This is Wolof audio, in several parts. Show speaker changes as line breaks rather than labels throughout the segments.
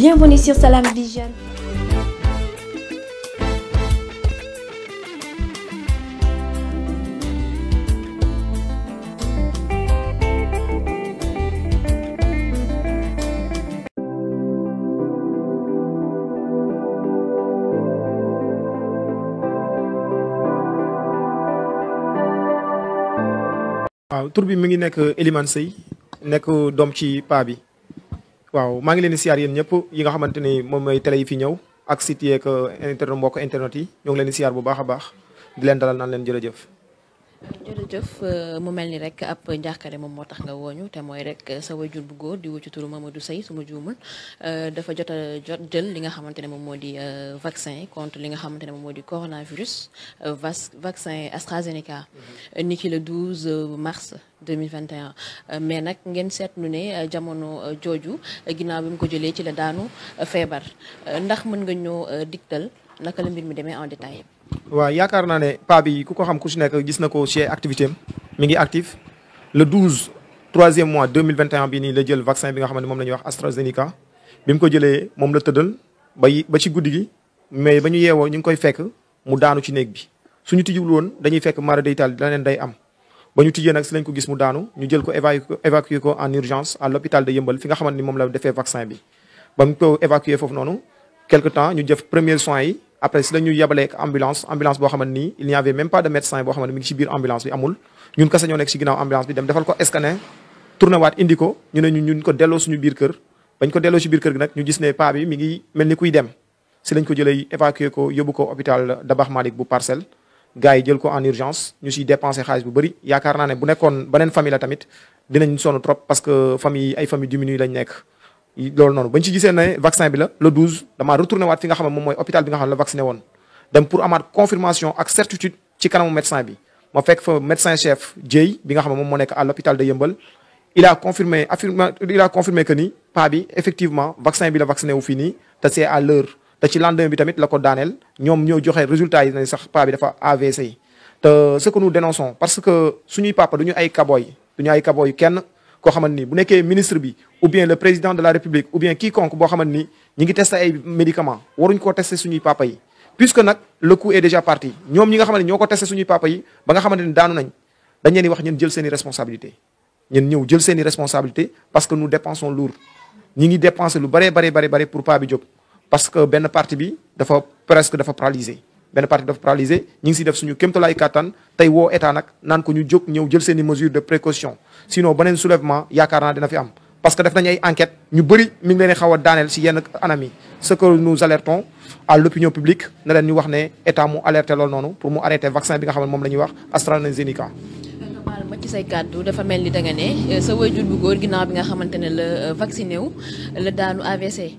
Bienvenue sur Salam Vision.
waaw tur bi mi ngi nekk Elimane Seye nekk doom ci paa bi waaw maa ngi leen di siyaar yéen ñëpp yi nga xamante ni moom mooy télé yi fi ñëw ak site yeeg euh, internet mbokk internet yi ñoo ngi leen di siyaar bu baax a baax di leen dalal naan leen jërëjëf
jërëjëf euh, mu mel ni rek ab njàqare moom moo tax nga wooñu te mooy rek euh, sa wajur bu góor di wu ma turu Mamadou Seye suma juumul euh, dafa jot a jot jël li nga xamante ne moom moo di vaccin contre li nga xamante ne moom moo di coronavirus va vaccin AstraZeneca mm-hmm. ni ki le 12 mars 2021 mais nag ngeen seetlu ne jamono jooju ginnaaw bi mu ko jëlee ci la daanu feebar ndax mën nga ñoo diktal naka la mbir mi demee en détail
waaw yaakaar naa ne pa bi ku ko xam ku si nekk gis na ko ci activité am mi ngi actif le 12 troisième mois 2021 bii nii la jël vaccin bi nga xam ne moom la ñuy wax AstraZeneca bi ko jëlee moom la tëddal ba ba ci guddi gi mais ba ñu yeewoo ñu ngi koy fekk mu daanu ci néeg bi suñu tijjiwul woon dañuy fekk mara day taal leneen day am ba ñu tijjee nag si lañ ko gis mu daanu ñu jël ko évacuer ko en urgence à l'hôpital de Yëmbal fi nga xamante ni moom la defee vaccin bi ba mu ko évacuer foofu noonu quelque temps ñu def premiers soins yi après si la ñu yebaleek ambulance ambulance boo xamante nii il n'y avait même pas de biir ambulance bi amul ñun kase ñoo nekk ñu ne ñu gi nag ñu gis ne paa bi mi ngi mel lañ ko jëlee évacué ko yóbbu ko hôpital Dabakh Malick bu Parcelles gars jël ko en urgence ñu siy dépensé xaalis bu bëri yaakaar naa ne bu nekkoon beneen famille la tamit dinañ sonn trop parce que famille ay famille diminué lañ nekk loolu noonu bañ ci gisee ne vaccin bi la le 12 damaa waat fi nga xam moom mooy hôpital bi nga xam la vacciné woon dem pour amaat confirmation ak certitude ci kanamu médecin bi ma fekk fa médecin chef Dieye bi nga xam moom moo nekk à l'hôpital de Yëmbal il a confirmé affirmé a effectivement vaccin bi la vacciné wu fii nii te c'est à l'heure te ci lendemain bi tamit la daaneel ñoom ñoo joxe résultat yi ne sax pa dafa AVC te ce que nous dénonçons koo xamante ni bu nekkee ministre bi ou bien le président de la république ou bien quiconque boo xamante ni ñi ngi testé ay médicaments waruñ koo testé suñuy papa yi puisque nag le coup est déjà parti ñoom ñi nga xamante ni ñoo ko testé suñuy papa yi ba nga xamante ne daanu nañ dañ leen di wax ñeen jël seeni i responsabilité ñeen ñëw jël seen i responsabilité parce que nous dépensons lourd ñi ngi dépensé lu bëree bare bare bare pour pas bi jóg parce que benn parti bi dafa presque dafa paralysé benn parti dafa paralysé ñu ngi si def suñu kéemtalaay kàttan tey woo état nag naan ko ñu jóg ñëw jël seen i mesures de précaution sinon beneen soulèvement yaakaar naa dina fi am. parce que def nañu ay enquête ñu bëri mi ngi leen xaw a daaneel si yenn anam ce que nous alertons à l'opinion publique na leen ñu wax ne état mu alerté loolu noonu pour mu arrêté vaccin bi nga xam moom la wax AstraZeneca.
dafa mel ni danga ne euh, sa waajur bu góor ginnaaw bi nga xamante ne la euh, vacciné wu la daanu AVC.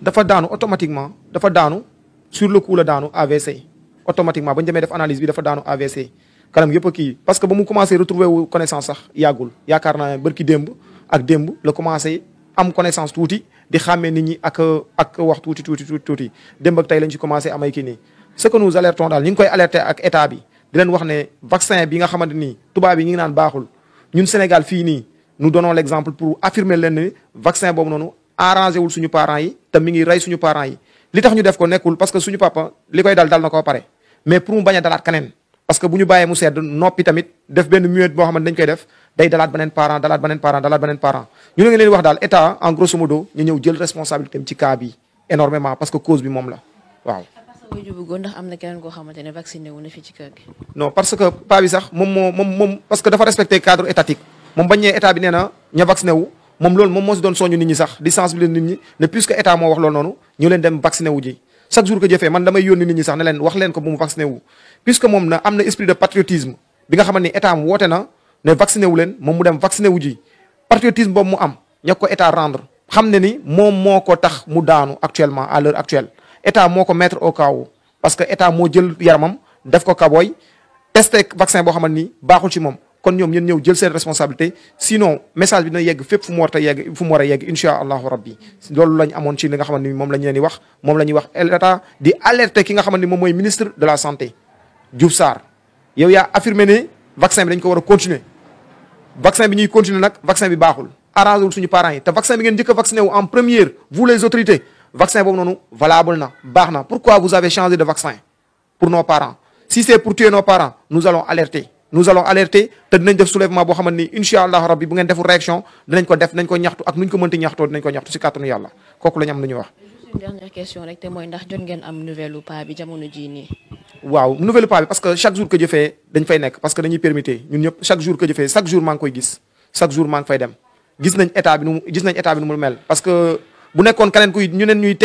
dafa daanu automatiquement dafa daanu. sur le coup la daanu AVC automatiquement ba ñu demee def analyse bi dafa daanu AVC kanam yëpp a kii parce que ba mu commencé retrouver wu connaissance sax yàggul yaakaar naa bërki démb ak démb la commencé am connaissance tuuti di xàmmee ni ñi ak ak wax tuuti tuuti tuuti tuuti démb ak tey lañ ci commencé amay kii nii ce que nous alertons daal ñu ngi koy alerter ak état bi di leen wax ne vaccin bi nga xamante ni tubaab yi ngi naan baaxul ñun Sénégal fii nii nous donnons l'exemple pour affirmer leen ne vaccin boobu noonu arrangé wul suñu parents yi te mi ngi rey suñu parents yi li tax ñu def ko nekkul parce que suñu papa li koy dal dal na ko pare mais pour mu bañ a dalaat keneen parce que bu ñu bàyyee mu sedd noppi tamit def benn muet boo xam ne koy def day dalaat beneen parent dalaat beneen parent parent ñu ne ngi leen wax daal état en grosso modo ñu ñëw jël responsabilité ci cas énormément parce que cause bi moom la waaw.
ndax xamante ne vacciné wu na fii ci kër gi.
non parce que dafa respecté cadre étatique moom bañ ne état bi nee ña vacciné moom loolu moom moo si doon soñu nit ñi sax di sensibiliser nit ñi ne puisque état moo wax loolu noonu ñu leen dem vacciné wu ji chaque jour que jëfee man damay yónni nit ñi sax ne wax leen ko mu vacciné wu puisque moom na am na esprit de patriotisme bi nga xamante ni état am woote na ne vacciné wu leen moom mu dem vacciné wu ji patriotisme boobu mu am ña ko état rendre xam ne ni moom moo ko tax mu daanu actuellement à l'heure actuelle état moo ko mettre au chaos parce que état moo jël yaramam def ko kabooy testé vaccin boo xamante ni baaxul ci moom kon ñoom ñeen ñëw jël seen responsabilité sinon message bi na yegg fépp fu mu war a yegg fu mu war a yegg incha allahu rabbi loolu lañ amoon ci nga xamante ni moom la ñu leen di wax moom la ñuy wax état di alerter ki nga xamante ni moom mooy ministre de la santé Diouf Sarr yow yaa affirmé ne vaccin bi dañ ko war a continuer vaccin bi ñuy continuer nag vaccin bi baaxul arrangé su ñu parent yi te vaccin bi ngeen njëkk a vacciné wu en première vous les autorités vaccin boobu noonu valable baax na pourquoi vous avez changé de vaccin pour nos parents si c'est pour tuer nos nous allons alerter te dinañ def soulèvement boo xamante ni incha allah rabbi bu ngeen deful réaction dinañ ko def dinañ ko ñaxtu ak nuñ ko mënti ñaxtoo dinañ ko ñaxtu si kàttanu yàlla kooku la ñu am lu ñuy wax.
une dernière te mooy ndax jot ngeen am nouvelle pas bi jamono jii nii.
waaw nouvelle pas parce que chaque jour que jëfee dañ fay nekk parce que dañuy permettre chaque jour que jëfee chaque jour maa koy gis chaque jour maa ngi dem gis nañ état mu mel parce que bu nekkoon keneen kuy ñu neen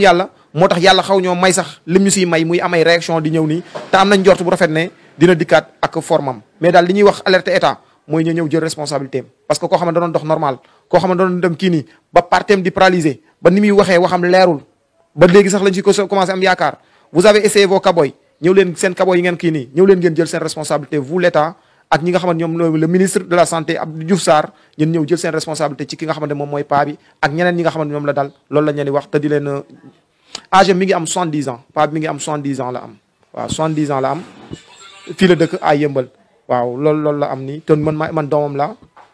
yàlla moo tax yàlla xaw ñoo may sax lim ñu siy may muy am ay réaction di ñëw nii te am nañ njort bu rafet ne dina dikkaat ak formam mais daal li ñuy wax alerte état mooy ñu ñëw jël responsabilité parce que koo xam ne danoon dox normal koo xam ne danoon dem kii nii ba partem di paralysé ba ni muy waxee waxam leerul ba léegi sax lañ ci ko commencé am yaakaar vous avez essayé vos kaboy ñëw seen kaboy yi ngeen kii nii ñëw leen ngeen jël seen responsabilité vous l'état ak ñi nga xamante ñoom le la santé Abdou Diouf ñëw jël seen responsabilité ki nga xamante moom mooy paa bi ak ñeneen ñi nga xamante ñoom la dal la ñu leen di wax te di leen âge ah, mi ngi am soixante-dix ans pape mi ngi am soixante-dix ans la am waaw soixante-dix ans la am fii la dëkk à yëmbal waaw loolu loolu la am nii te man ma man doomam la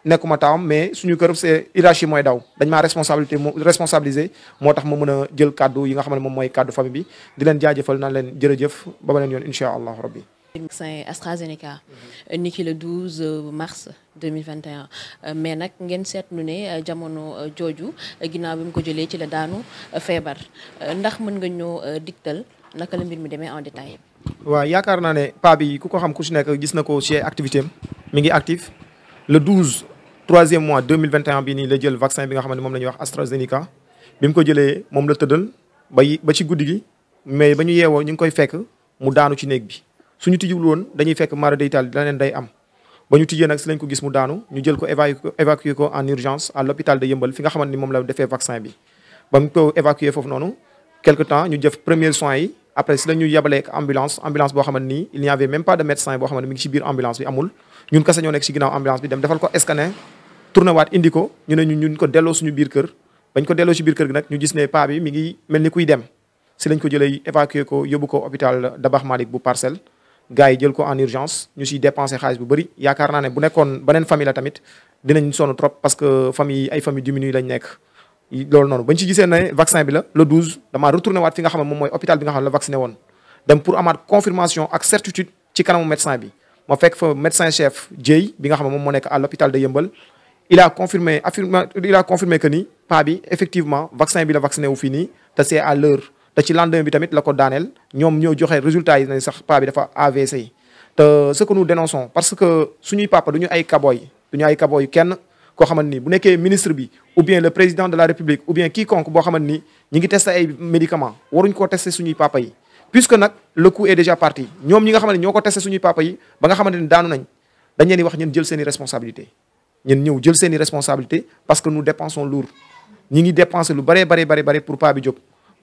nekkuma taawam mais suñu kër c'est hiérarchie mooy daw dañ maa responsabilité moo responsabilisé moo tax ma mën a jël kàddu yi nga xam ne moom mooy kàddu famille bi di leen jaajëfal naan leen jërëjëf ba beneen yoon incha allah rabbi
vaccin AstraZeneca euh, ni ki le 12 euh, mars 2021 euh, mais nag ngeen seetlu ne jamono jooju ginnaaw bi mu ko jëlee ci la daanu feebar ndax mën nga ñoo digtal naka la mbir mi demee en détail
waaw yaakaar naa ne pa bi ku ko xam ku si nekk gis na ko ci activité am mi ngi actif le 12 troisième mois 2021 bi nii la jël vaccin bi nga xam ne moom la ñuy wax AstraZeneca bi mu ko jëlee moom la tëddal ba ba ci guddi gi mais ba ñu yeewoo ñu ngi koy fekk mu daanu ci néeg bi suñu tijjiwul woon dañuy fekk mara day taal leneen day am ba ñu tijjee nag si lañ ko gis mu daanu ñu jël ko évacuer ko en urgence à l'hôpital de Yëmbal fi nga xamante ni moom la defee vaccin bi ba mu ko évacuer foofu noonu quelque temps ñu jëf premiers soins yi après si la ñu yebalee ak ambulance ambulance boo xamante ni il n'y avait même pas de médecin boo xamante ni mi ngi si biir ambulance bi amul ñun kese ñoo nekk si ginnaaw ambulance bi dem defal ko scanner ñu ko delloo suñu biir kër bañ ko delloo si biir kër gi nag ñu gis ne paa bi mi ngi mel ni kuy dem si lañ ko jëlee évacuer ko yóbbu ko hôpital Dabakh Malick bu gars yi jël ko en urgence ñu siy dépensé xaalis bu bëri yaakaar naa ne bu nekkoon beneen famille la tamit dinañ sonn trop parce que famille ay famille diminue lañ nekk loolu noonu bañ ci gisee ne vaccin bi la le 12 damaa retourné waat fi nga xam moom mooy hôpital bi nga xam la vacciné woon dem pour amaat confirmation ak certitude ci kanamu médecin bi ma fekk fa médecin chef Dieye bi nga xam moom moo nekk à l'hôpital de Yëmbal il a confirmé affirmé il à l'heure te ci lendemain bi tamit la ko daaneel ñoom ñoo joxe résultat yi nañ sax paa bi dafa AVC te ce que nous dénonçons parce que suñuy papa du ay kaboy du ñu ay kaboy kenn koo xamante ni bu nekkee ministre bi ou bien le président de la république ou bien quiconque boo xamante ni ñi ngi testé ay médicaments waruñ koo testé suñuy papa yi puisque nag le coup est déjà parti ñoom ñi nga xamante ni ñoo ko testé suñuy papa yi ba nga xamante ne daanu nañ dañ leen di wax ñeen jël seeni responsabilité ñeen ñëw jël seeni i responsabilité parce que nous dépensons lourd ñi ngi dépensé lu bëree bare bare bare pour pas bi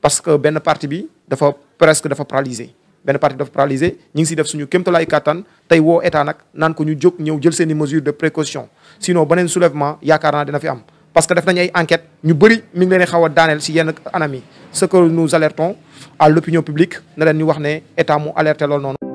parce que benn parti bi dafa presque dafa paralysé benn parti bi dafa paralysé ñu ngi si def suñu kéemtalaay kàttan tey woo état nag naan ko ñu jóg ñëw jël seen i mesures de précaution sinon beneen soulèvement yaakaar naa dina fi am. parce que def nañu ay enquêtes ñu bëri mi ngi leen di xaw a daaneel si yenn anam yi ce que nous alertons à l'opinion publique na leen ñu wax ne état mu alerté loolu noonu.